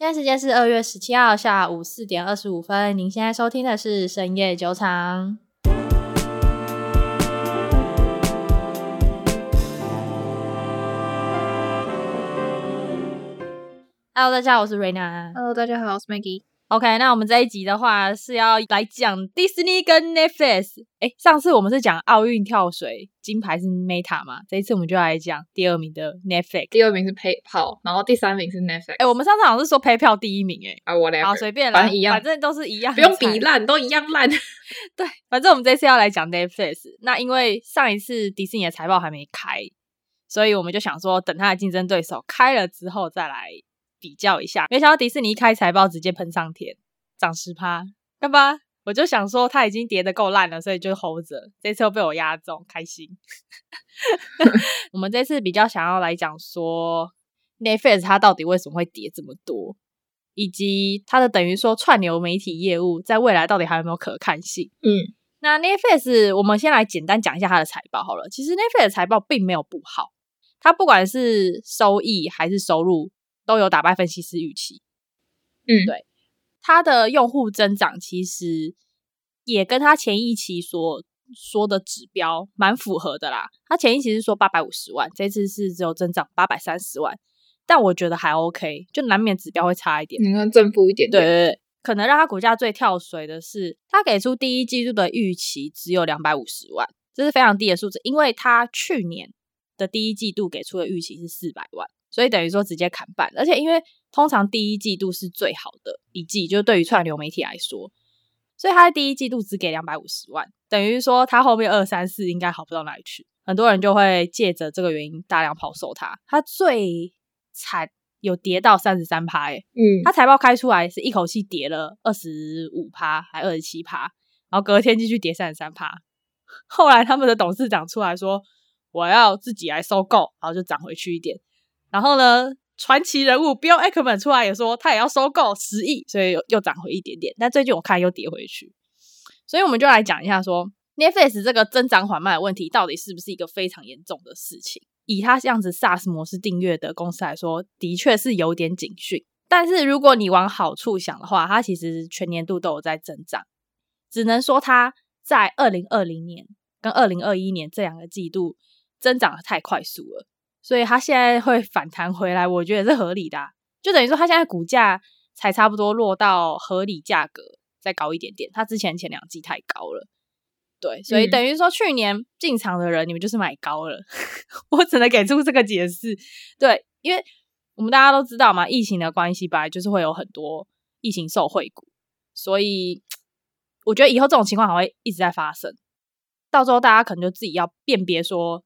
現在時間是二月十七號下午四點二十五分。您現在收聽的是深夜酒場。Hello，大家好， 我是 Raina。Hello，大家好，我是 Maggie。Hello, 大家好，我是 Mag OK，那我們這一集的話是要來講迪士尼跟 Netflix。哎，上次我們是講奧運跳水金牌是 Meta 嘛？這一次我們就來講第二名的 Netflix。第二名是 PayPal，然後第三名是 Netflix。哎，我們上次好像是說 PayPal 第一名誒。啊我來。好隨便，來。一樣，反正都是一樣，不用比爛，都一樣爛。 對，反正我們這次要來講 Netflix。那因為上一次迪士尼的財報還沒開，所以我們就想說等它的競爭對手開了之後再來。比較一下，沒想到迪士尼一開財報直接噴上天，漲十趴，對吧，我就想說它已經跌的夠爛了，所以就 hold 着。這次又被我押中，開心。我們這次比較想要來講說 Netflix 它到底為什麼會跌這麼多，以及它的等於說串流媒體業務在未來到底還有沒有可看性？嗯，那 Netflix 我們先來簡單講一下它的財報好了。其實 Netflix 的財報並沒有不好，它不管是收益還是收入。都有打敗分析師預期，嗯，對，它的用戶增長其實也跟他前一期所說的指標蠻符合的啦。他前一期是說八百五十萬，這次是只有增長八百三十萬，但我覺得還 OK，就難免指標會差一點，你看正負一點。對對對，對對，可能讓他股價最跳水的是，他給出第一季度的預期只有兩百五十萬，這是非常低的數字，因為他去年的第一季度給出的預期是四百萬。所以等於說直接砍半，而且因為通常第一季度是最好的一季，就對於串流媒體來說，所以他的第一季度只給兩百五十萬，等於說他後面二三四應該好不到哪裡去。很多人就會借着這個原因大量拋售它。它最慘有跌到三十三趴，哎、欸，嗯，它財報開出來是一口氣跌了二十五趴，還二十七趴，然後隔天繼續跌三十三趴。後來他們的董事長出來說，我要自己來收購，然後就漲回去一點。然後呢，傳奇人物 Bill Ackman 出來也說，他也要收購十億，所以又又漲回一點點。但最近我看又跌回去，所以我們就來講一下，說 Netflix 這個增長緩慢的問題到底是不是一個非常嚴重的事情？以他這樣子 SaaS 模式訂閱的公司來說，的確是有點警訊。但是如果你往好處想的話，它其實全年度都有在增長，只能說它在二零二零年跟二零二一年這兩個季度增長的太快速了。所以它現在會反彈回來，我覺得是合理的啊。就等於說，它現在股價才差不多落到合理價格，再高一點點。它之前前兩季太高了，對。所以等於說，去年進場的人，嗯，你們就是買高了。 我只能給出這個解釋。對，因為我們大家都知道嘛，疫情的關係，本來就是會有很多疫情受惠股，所以我覺得以後這種情況還會一直在發生。到時候大家可能就自己要辨別說。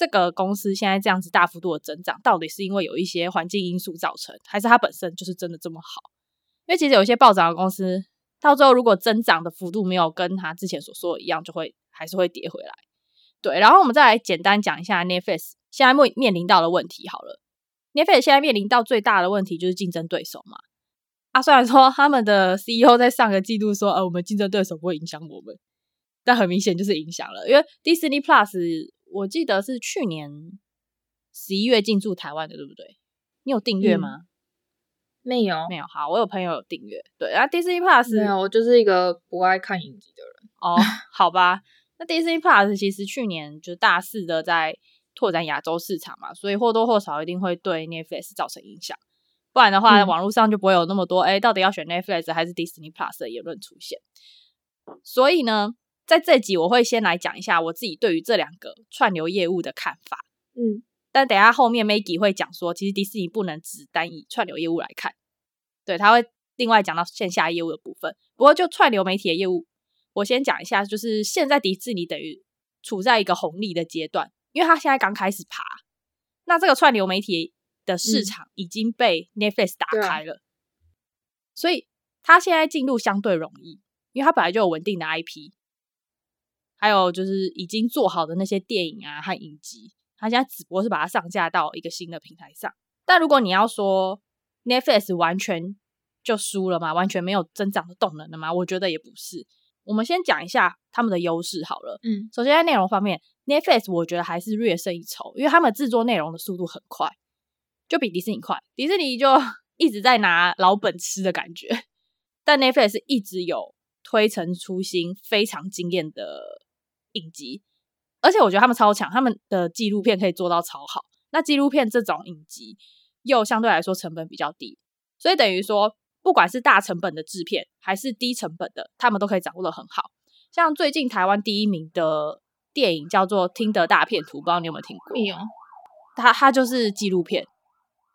這個公司現在這樣子大幅度的增長，到底是因為有一些環境因素造成，還是它本身就是真的這麼好？因為其實有一些暴漲的公司，到最後如果增長的幅度沒有跟它之前所說的一樣，就會還是會跌回來。對，然後我們再來簡單講一下 Netflix 現在面面臨到的問題。好了 Netflix 現在面臨到最大的問題就是競爭對手嘛。啊，雖然說他們的 CEO 在上個季度說，呃，我們競爭對手不會影響我們，但很明顯就是影響了，因為 Disney Plus。我記得是去年十一月進駐台灣的，對不對？你有訂閱嗎？嗯，沒有，沒有。好，我有朋友有訂閱。對，啊 Disney Plus 沒有，我就是一個不愛看影集的人。哦 ，oh, 好吧，那 Disney Plus 其實去年就大肆的在拓展亞洲市場嘛，所以或多或少一定會對 Netflix 造成影響，不然的話，嗯、網絡上就不會有那麼多哎、欸，到底要選 Netflix 還是 Disney Plus 的言論出現。所以呢？在這集，我會先來講一下我自己對於這兩個串流業務的看法。嗯，但等一下後面 Maggie 會講說，其實迪士尼不能只單以串流業務來看，對，他會另外講到線下業務的部分。不過就串流媒體的業務，我先講一下，就是現在迪士尼等於處在一個紅利的階段，因為它現在剛開始爬，那這個串流媒體的市場已經被 Netflix 打開了，嗯，所以它現在進入相對容易，因為它本來就有穩定的 IP。還有就是已經做好的那些電影啊和影集，它現在只不過是把它上架到一個新的平台上。但如果你要說 Netflix 完全就輸了嘛，完全沒有增長的動能了嘛，我覺得也不是。我們先講一下他們的優勢好了。嗯，首先在內容方面，Netflix 我覺得還是略勝一籌，因為他們制作內容的速度很快，就比迪士尼快。迪士尼就一直在拿老本吃的感覺，但 Netflix 一直有推陳出新，非常驚豔的。影集，而且我覺得他們超強，他們的紀錄片可以做到超好。那紀錄片這種影集又相對來說成本比較低，所以等於說，不管是大成本的制片，還是低成本的，他們都可以掌握得很好。像最近台灣第一名的電影叫做《Tinder 大騙徒》，不知道你有沒有聽過？沒有，哎呦。它它就是紀錄片，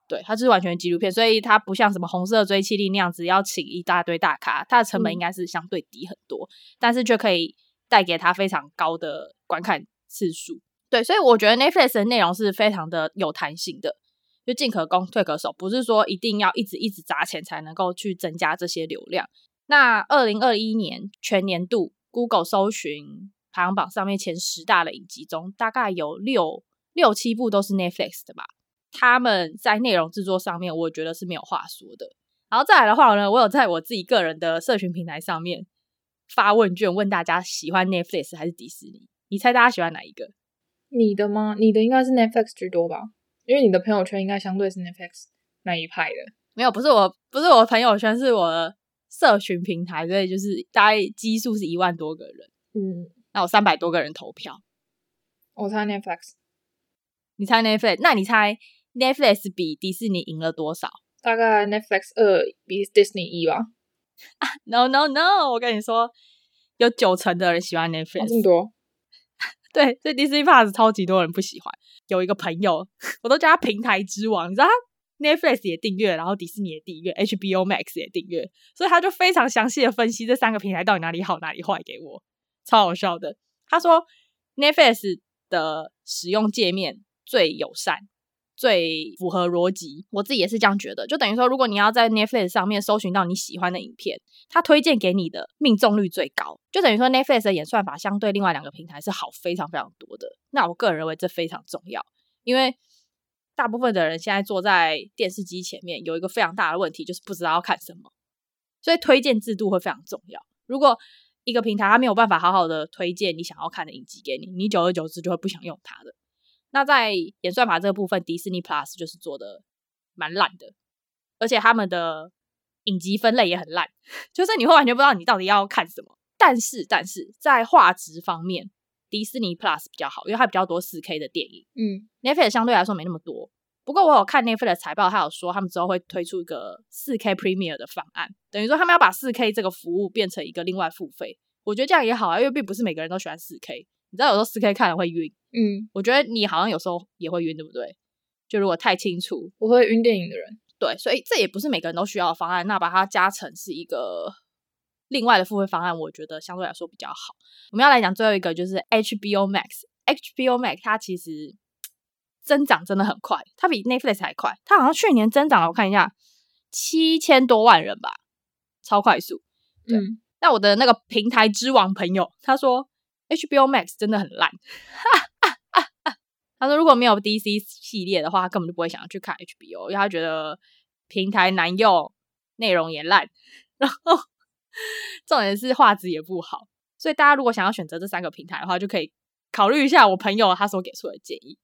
對，它就是完全紀錄片，所以它不像什麼《紅色通緝令》那樣子要請一大堆大咖，它的成本應該是相對低很多，嗯、但是卻可以。帶給他非常高的觀看次數，對，所以我覺得 Netflix 的內容是非常的有彈性的，就進可攻退可守，不是說一定要一直一直砸錢才能夠去增加這些流量。那二零二一年全年度 Google 搜尋排行榜上面前十大的影集中，大概有六六七部都是 Netflix 的吧？他們在內容制作上面，我覺得是沒有話說的。然後再來的話呢，我有在我自己個人的社群平台上面。發問卷問大家喜歡 Netflix 還是迪士尼？你猜大家喜歡哪一個？你的嗎？你的應該是 Netflix 居多吧？因為你的朋友圈應該相對是 Netflix 那一派的。沒有，不是我，不是我朋友圈，是我的社群平台，所以就是大概基數是一萬多個人。嗯，那我三百多個人投票。我猜 Netflix。你猜 Netflix？那你猜 Netflix 比迪士尼贏了多少？大概 Netflix 二比 Disney 一吧。啊、no no no！我跟你說，有九成的人喜歡 Netflix。啊、這麼多！ 對，這 Disney Plus 超級多人不喜歡。有一個朋友，我都叫他平台之王，你知道他 Netflix 也訂閱，然後迪士尼也訂閱，HBO Max 也訂閱，所以他就非常詳細的分析這三個平台到底哪裡好，哪裡壞給我，超好笑的。他說 Netflix 的使用界面最友善。最符合邏輯，我自己也是這樣覺得。就等於說，如果你要在 Netflix 上面搜尋到你喜歡的影片，它推薦給你的命中率最高。就等於說，Netflix 的演算法相對另外兩個平台是好非常非常多的。那我個人認為這非常重要，因為大部分的人現在坐在電視機前面，有一個非常大的問題就是不知道要看什麼，所以推薦制度會非常重要。如果一個平台它沒有辦法好好的推薦你想要看的影集給你，你久而久之就會不想用它的。那在演算法這個部分，迪士尼 Plus 就是做的蠻爛的，而且他們的影集分類也很爛，就是你會完全不知道你到底要看什麼。但是，但是在畫質方面，迪士尼 Plus 比較好，因為它比較多四 K 的電影。嗯，Netflix 相對來說沒那麼多。不過我有看 Netflix 的財報，他有說他們之後會推出一個四 K Premier 的方案，等於說他們要把四 K 這個服務變成一個另外付費。我覺得這樣也好啊，因為並不是每個人都喜歡四 K。你知道有時候 4K 看了會暈，嗯，我覺得你好像有時候也會暈，對不對？就如果太清楚，我會暈電影的人，對，所以這也不是每個人都需要的方案，那把它加成是一個另外的付費方案，我覺得相對來說比較好。我們要來講最後一個，就是 HBO Max。HBO Max 它其實增長真的很快，它比 Netflix 還快，它好像去年增長了，我看一下，七千多萬人吧，超快速。對，嗯，那我的那個平台之王朋友他說。HBO Max 真的很爛，哈哈哈，他說如果沒有 DC 系列的話，他根本就不會想要去看 HBO，因為他覺得平台難用，內容也爛，然後重點是畫質也不好。所以大家如果想要選擇這三個平台的話，就可以考慮一下我朋友他所給出的建議。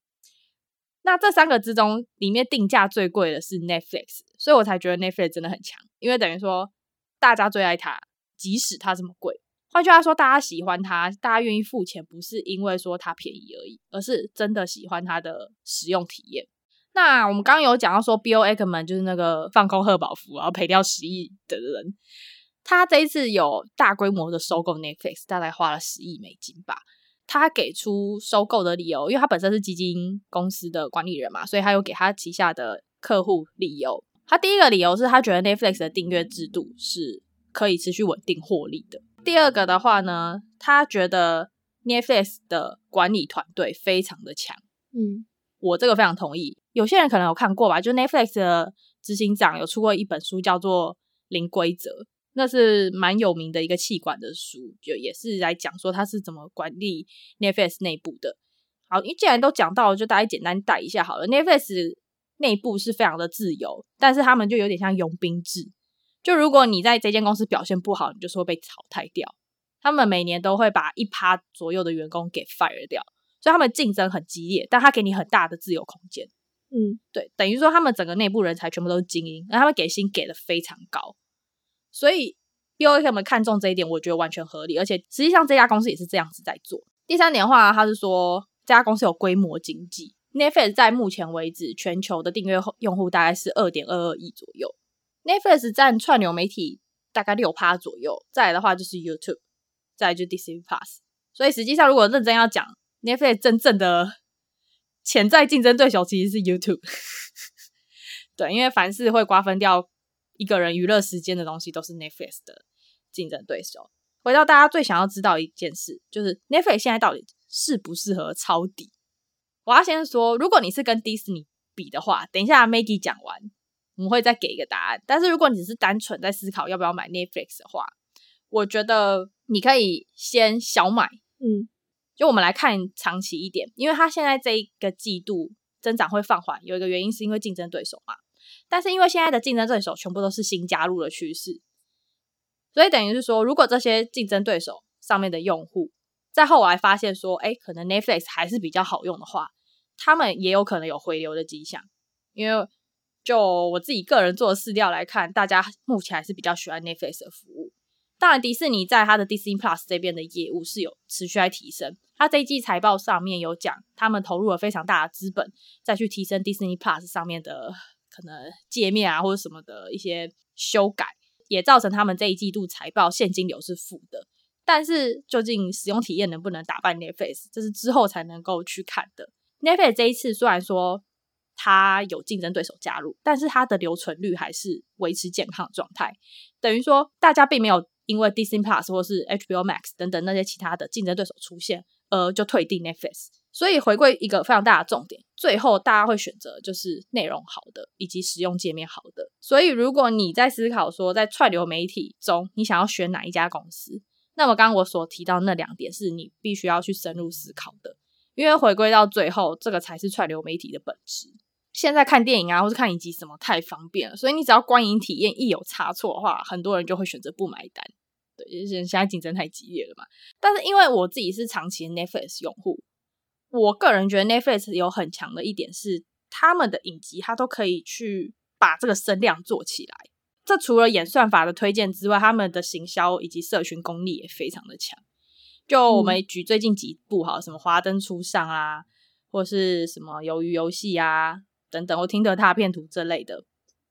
那這三個之中，裡面定價最貴的是 Netflix，所以我才覺得 Netflix 真的很強，因為等於說大家最愛它，即使它這麼貴。換句話說，大家喜歡它，大家願意付錢，不是因為說它便宜而已，而是真的喜歡它的使用體驗。那我們剛剛有講到說，Bill Ackman 就是那個放空賀寶芙，然後賠掉十億的人，他這一次有大規模的收購 Netflix，大概花了十億美金吧。他給出收購的理由，因為他本身是基金公司的管理人嘛，所以他有給他旗下的客戶理由。他第一個理由是他覺得 Netflix 的訂閱制度是可以持續穩定獲利的。第二個的話呢，他覺得 Netflix 的管理團隊非常的強，嗯，我這個非常同意。有些人可能有看過吧，就 Netflix 的執行長有出過一本書，叫做《零規則》，那是蠻有名的一個企管的書，就也，也是來講說他是怎麼管理 Netflix 內部的。好，你既然都講到了，就大家簡單帶一下好了。Netflix 內部是非常的自由，但是他們就有點像傭兵制。就如果你在這間公司表現不好，你就是會被淘汰掉。他們每年都會把一趴左右的員工給 fire 掉，所以他們競爭很激烈，但他給你很大的自由空間。嗯，對，等於說他們整個內部人才全部都是精英，那他們給薪給的非常高，所以 B O A 他們看重這一點，我覺得完全合理。而且實際上這家公司也是這樣子在做。第三點的話，他是說這家公司有規模經濟。Netflix 在目前為止，全球的訂閱用戶大概是二點二二億左右。Netflix 佔串流媒體大概六趴左右，再來的話就是 YouTube，再來就 Disney Plus。所以實際上，如果認真要講 Netflix 真正的潛在競爭對手，其實是 YouTube。 對，因為凡是會瓜分掉一個人娛樂時間的東西，都是 Netflix 的競爭對手。回到大家最想要知道一件事，就是 Netflix 現在到底適不適合抄底？我要先說，如果你是跟迪士尼比的話，等一下 Maggie 講完。我們會再給一個答案，但是如果你只是單純在思考要不要買 Netflix 的話，我覺得你可以先小買，嗯，就我們來看長期一點，因為它現在這一個季度增長會放緩，有一個原因是因為競爭對手嘛，但是因為現在的競爭對手全部都是新加入的趨勢，所以等於是說，如果這些競爭對手上面的用戶在後來發現說，哎，可能 Netflix 還是比較好用的話，他們也有可能有回流的跡象，因為。就我自己個人做的試調來看，大家目前還是比較喜歡 Netflix 的服務。當然，迪士尼在它的 Disney Plus 這邊的業務是有持續在提升。它這一季財報上面有講，他們投入了非常大的資本再去提升 Disney Plus 上面的可能界面啊，或者什麼的一些修改，也造成他們這一季度財報現金流是負的。但是，究竟使用體驗能不能打敗 Netflix，這是之後才能夠去看的。Netflix 這一次雖然說，它有競爭對手加入，但是它的留存率還是維持健康狀態，等於說大家並沒有因為 Disney Plus 或是 HBO Max 等等那些其他的競爭對手出現，而就退訂 Netflix。所以回歸一個非常大的重點，最後大家會選擇就是內容好的以及使用界面好的。所以如果你在思考說在串流媒體中你想要選哪一家公司，那麼剛剛我所提到那兩點是你必須要去深入思考的，因為回歸到最後，這個才是串流媒體的本質。現在看電影啊，或者看影集什麼，太方便了。所以你只要觀影體驗一有差錯的話，很多人就會選擇不買單。對，就現在競爭太激烈了嘛。但是因為我自己是長期 Netflix 用戶，我個人覺得 Netflix 有很強的一點是，他們的影集它都可以去把這個聲量做起來。這除了演算法的推薦之外，他們的行銷以及社群功力也非常的強。就我們舉最近幾部哈，嗯，什麼《華燈初上》啊，或者是什麼《魷魚遊戲》啊。等等，我聽得他的片圖這類的。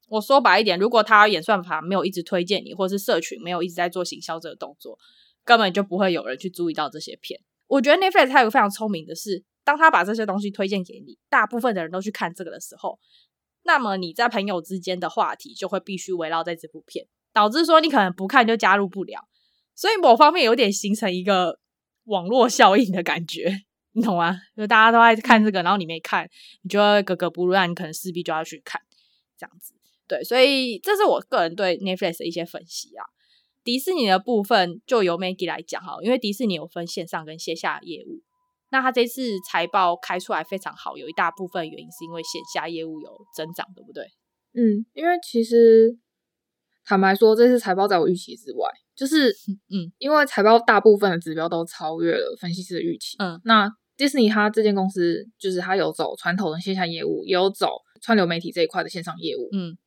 我說白一點，如果他演算法沒有一直推薦你，或是社群沒有一直在做行銷這個動作，根本就不會有人去注意到這些片。我覺得 Netflix 它有一個非常聰明的是，當他把這些東西推薦給你，大部分的人都去看這個的時候，那麼你在朋友之間的話題就會必須圍繞在這部片，導致說你可能不看就加入不了，所以某方面有點形成一個網絡效應的感覺。你懂嗎？就大家都愛看這個，然後你沒看，你覺得格格不入，那你可能勢必就要去看這樣子。對，所以這是我個人對 Netflix 的一些分析啊。迪士尼的部分就由 Maggie 來講哈，因為迪士尼有分線上跟線下業務。那他這次財報開出來非常好，有一大部分原因是因為線下業務有增長，對不對？嗯，因為其實坦白說，這次財報在我預期之外，就是嗯，因為財報大部分的指標都超越了分析師的預期。嗯，那。迪士尼它這間公司就是它有走傳統的線下業務，也有走串流媒體這一塊的線上業務，業務，嗯，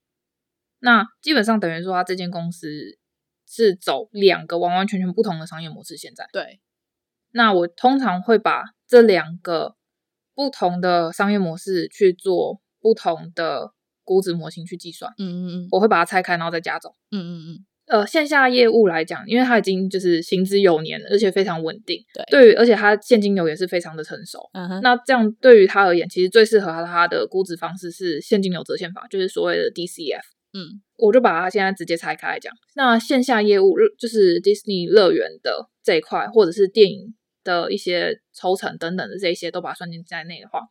那基本上等於說它這間公司是走兩個完完全全不同的商業模式現在，對。那我通常會把這兩個不同的商業模式去做不同的估值模型去計算。嗯嗯嗯，我會把它拆開，然後再加總。嗯嗯嗯。呃，線下業務來講，因為它已經就是行之有年了，而且非常穩定，對，對於而且它現金流也是非常的成熟。嗯哼，那這樣對於它而言，其實最適合它的，的估值方式是現金流折現法，就是所謂的 DCF。嗯，我就把它現在直接拆開來講。那線下業務就是 Disney 樂園的這一塊，或者是電影的一些抽成等等的這一些都把它算進在內的話，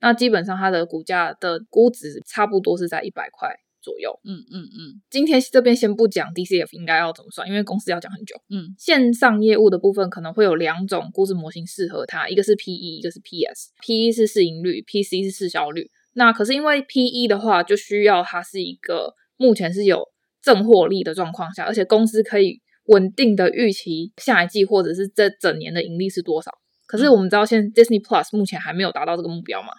那基本上它的股價的估值差不多是在一百塊。左右，嗯嗯嗯，今天這邊先不講 DCF 應該要怎麼算，因為公司要講很久。嗯，線上業務的部分可能會有兩種估值模型適合它，一個是 PE，一個是 PS。PE 是市盈率，PC 是市銷率。那可是因為 PE 的話，就需要它是一個目前是有正獲利的狀況下，而且公司可以穩定的預期下一季或者是這整年的盈利是多少。可是我們知道現在 Disney Plus 目前還沒有達到這個目標嘛。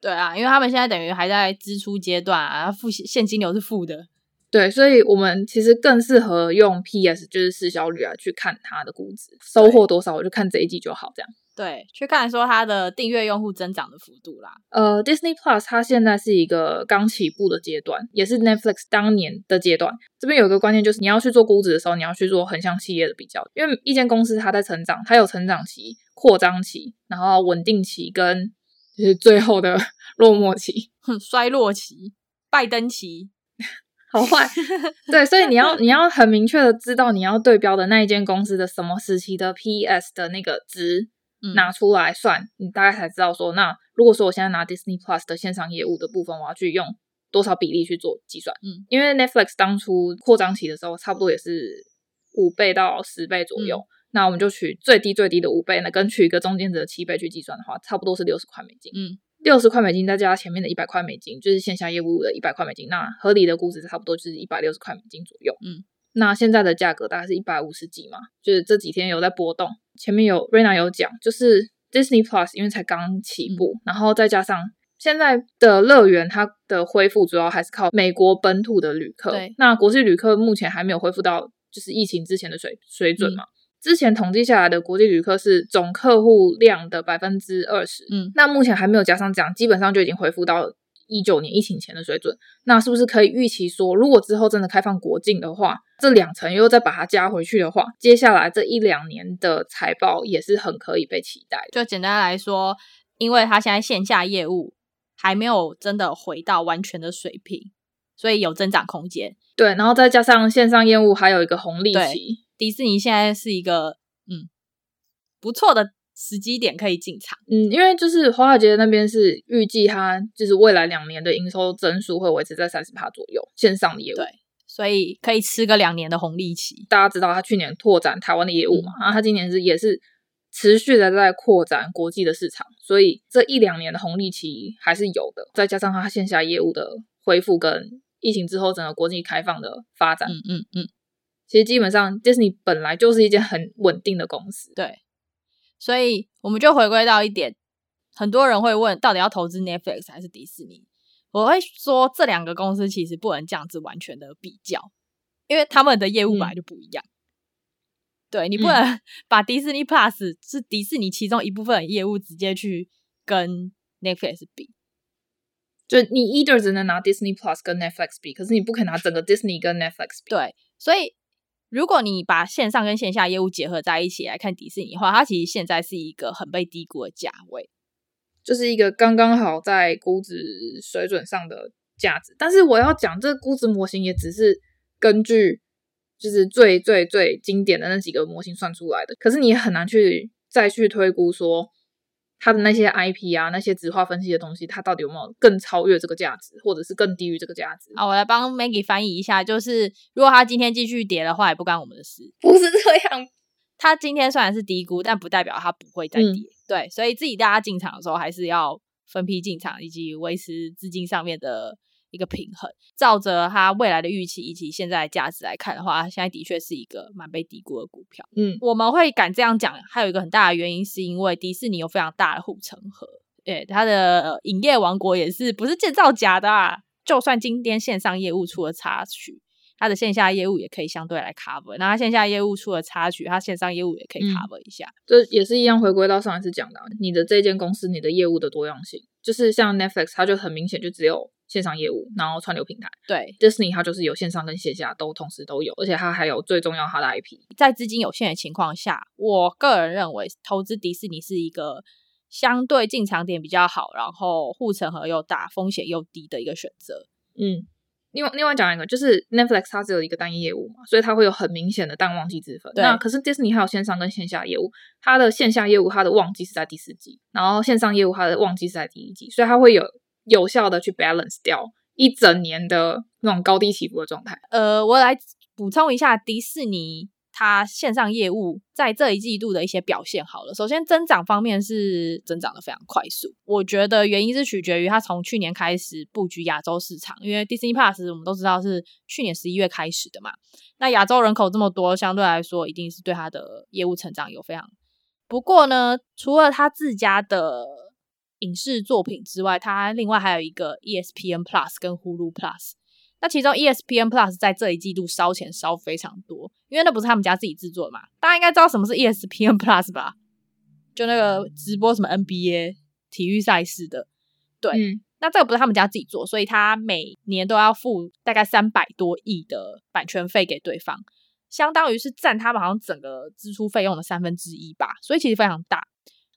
對啊，因為他們現在等於還在支出階段啊，付現金流是負的。對，所以我們其實更適合用 PS，就是市銷率啊，去看它的估值對收穫多少，我就看這一季就好，這樣。對，去看說它的訂閱用戶增長的幅度啦。呃，Disney Plus 它現在是一個剛起步的階段，也是 Netflix 當年的階段。這邊有一個關鍵就是，你要去做估值的時候，你要去做橫向企業的比較，因為一間公司它在成長，它有成長期、擴張期，然後穩定期跟。就是最後的落寞期、嗯、衰落期、拜登期， 好壞。對，所以你要 你要很明確的知道你要對標的那一間公司的什麼時期的 P/S 的那個值拿出來算，嗯、你大概才知道說，那如果說我現在拿 Disney Plus 的線上業務的部分，我要去用多少比例去做計算？嗯，因為 Netflix 當初擴張期的時候，差不多也是五倍到十倍左右。嗯那我們就取最低最低的五倍呢，那跟取一個中間值的七倍去計算的話，差不多是六十塊美金。嗯，六十塊美金再加前面的一百塊美金，就是線下業務的一百塊美金。那合理的估值差不多就是一百六十塊美金左右。嗯，那現在的價格大概是一百五十幾嘛，就是這幾天有在波動。前面有瑞娜有講，就是 Disney Plus 因為才剛起步，嗯、然後再加上現在的樂園它的恢復主要還是靠美國本土的旅客。對那國際旅客目前還沒有恢復到就是疫情之前的水水準嘛。嗯之前統計下來的國際旅客是總客戶量的百分之二十，嗯，那目前還沒有加上這樣，基本上就已經恢復到一九年疫情前的水準。那是不是可以預期說，如果之後真的開放國境的話，這兩層又再把它加回去的話，接下來這一兩年的財報也是很可以被期待的。就簡單來說，因為它現在線下業務還沒有真的回到完全的水平，所以有增長空間。對，然後再加上線上業務還有一個紅利期。迪士尼現在是一個嗯不錯的時機點可以進場，嗯，因為就是華爾街那邊是預計它就是未來兩年的營收增速會維持在三十趴左右，線上的業務，對，所以可以吃個兩年的紅利期。大家知道他去年拓展台灣的業務嘛，嗯、然後他今年是也是持續的在擴展國際的市場，所以這一兩年的紅利期還是有的。再加上他線下業務的恢復跟疫情之後整個國際開放的發展，嗯嗯嗯。嗯嗯其實基本上，迪士尼本來就是一間很穩定的公司。對，所以我們就回歸到一點，很多人會問，到底要投資 Netflix 還是迪士尼？我會說，這兩個公司其實不能這樣子完全的比較，因為他們的業務本來就不一樣。嗯、對，你不能把迪士尼 Plus 是迪士尼其中一部分的業務直接去跟 Netflix 比，就你 either 只能拿 Disney Plus 跟 Netflix 比，可是你不可以拿整個 Disney 跟 Netflix 比。對，所以。如果你把線上跟線下業務結合在一起來看迪士尼的話，它其實現在是一個很被低估的價位，就是一個剛剛好在估值水準上的價值。但是我要講，這個估值模型也只是根據就是最最最經典的那幾個模型算出來的，可是你也很難去再去推估說。他的那些 IP 啊，那些質化分析的東西，它到底有沒有更超越這個價值，或者是更低於這個價值？啊，我來幫 Maggie 翻譯一下，就是如果他今天繼續跌的話，也不關我們的事。不是這樣，他今天雖然是低估，但不代表它不會再跌。嗯、對，所以自己大家進場的時候，還是要分批進場，以及維持資金上面的。一個平衡，照着它未來的預期以及現在的價值來看的話，它現在的確是一個蠻被低估的股票。嗯，我們會敢這樣講，還有一個很大的原因是因為迪士尼有非常大的護城河，哎、欸，它的影業王國也是不是建造假的？啊？就算今天線上業務出了差距，它的線下的業務也可以相對來 cover。那它線下業務出了差距，它線上業務也可以 cover、嗯、一下。這也是一樣，回歸到上一次講到的、啊，你的這間公司，你的業務的多樣性，就是像 Netflix，它就很明顯就只有。線上業務，然後串流平台，對迪士尼，它就是有線上跟線下都同時都有，而且它還有最重要它的 IP。在資金有限的情況下，我個人認為投資迪士尼是一個相對進場點比較好，然後護城河又大，風險又低的一個選擇。嗯，另外另外講一個，就是 Netflix 它只有一個單一業務嘛，所以它會有很明顯的淡旺季之分。對。那可是迪士尼還有線上跟線下業務，它的線下業務，它的旺季是在第四季，然後線上業務，它的旺季是在第一季，所以它會有。有效的去 balance 掉一整年的那種高低起伏的狀態。呃，我來補充一下迪士尼它線上業務在這一季度的一些表現好了。首先增長方面是增長的非常快速，我覺得原因是取決於它從去年開始佈局亞洲市場，因為 Disney Plus 我們都知道是去年十一月開始的嘛。那亞洲人口這麼多，相對來說一定是對它的業務成長有非常。不過呢，除了它自家的。影視作品之外，它另外還有一個 ESPN Plus 跟 Hulu Plus。那其中 ESPN Plus 在這一季度燒錢燒非常多，因為那不是他們家自己制作的嘛。大家應該知道什麼是 ESPN Plus 吧？就那個直播什麼 NBA 體育賽事的。對，嗯，那這個不是他們家自己做，所以他每年都要付大概三百多億的版權費給對方，相當於是占他們好像整個支出費用的三分之一吧。所以其實非常大。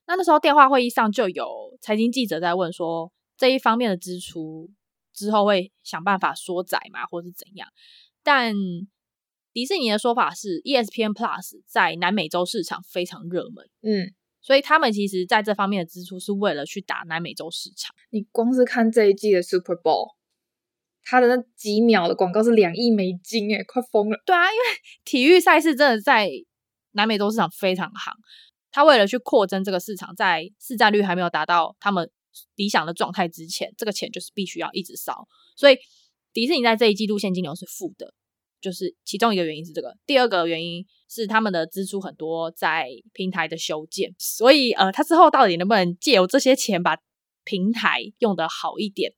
那那時候電話會議上就有財經記者在問說，這一方面的支出之後會想辦法縮窄嗎，或是怎樣？但迪士尼的說法是，ESPN Plus 在南美洲市場非常熱門，嗯，所以他們其實在這方面的支出是為了去打南美洲市場。你光是看這一季的 Super Bowl，他的那幾秒的廣告是兩億美金，誒，快瘋了。對啊，因為體育賽事真的在南美洲市場非常行。他為了去擴增這個市場，在市占率還沒有達到他們理想的狀態之前，這個錢就是必須要一直燒。所以，迪士尼在這一季度現金流是負的，就是其中一個原因是這個，第二個原因是他們的支出很多在平台的修建。所以，呃，他之後到底能不能借由這些錢把平台用得好一點，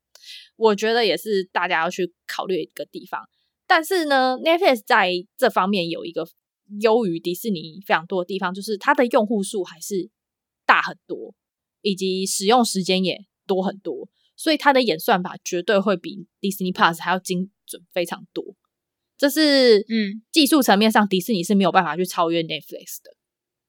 我覺得也是大家要去考慮一個地方。但是呢，Netflix 在這方面有一個優於迪士尼非常多的地方，就是它的用戶數還是大很多，以及使用時間也多很多，所以它的演算法絕對會比迪士尼 Plus 還要精準非常多。這是嗯，技術層面上迪士尼是沒有辦法去超越 Netflix 的，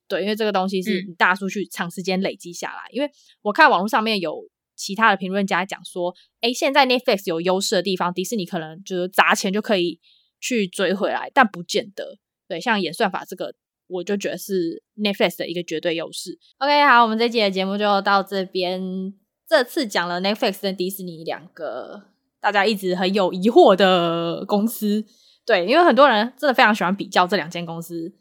對，因為這個東西是你大數據長時間累積下來。嗯，因為我看網絡上面有其他的評論家講說，誒，現在 Netflix 有優勢的地方，迪士尼可能就是砸錢就可以去追回來，但不見得。對，像演算法這個，我就覺得是 Netflix 的一個絕對優勢。OK，好，我們這期的節目就到這邊。這次講了 Netflix 跟迪士尼兩個大家一直很有疑惑的公司。對，因為很多人真的非常喜歡比較這兩間公司，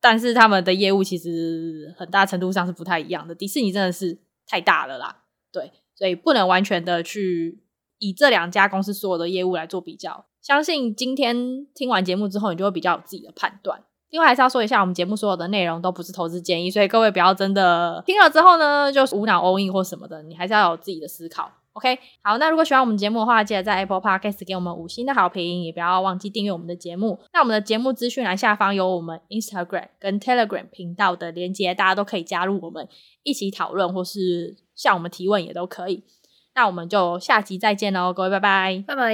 但是他們的業務其實很大程度上是不太一樣的。迪士尼真的是太大了啦，對，所以不能完全的去以這兩家公司所有的業務來做比較。相信今天聽完節目之後，你就會比較有自己的判斷。另外，還是要說一下，我們節目所有的內容都不是投資建議，所以各位不要真的聽了之後呢，就無腦 all in 或什麼的，你還是要有自己的思考。OK，好，那如果喜歡我們節目的話，記得在 Apple Podcast 給我們五星的好評，也不要忘記訂閱我們的節目。那我們的節目資訊欄下方有我們 Instagram 跟 Telegram 頻道的連接，大家都可以加入我們一起討論，或是向我們提問也都可以。那我們就下集再見嘍，各位拜拜，拜拜。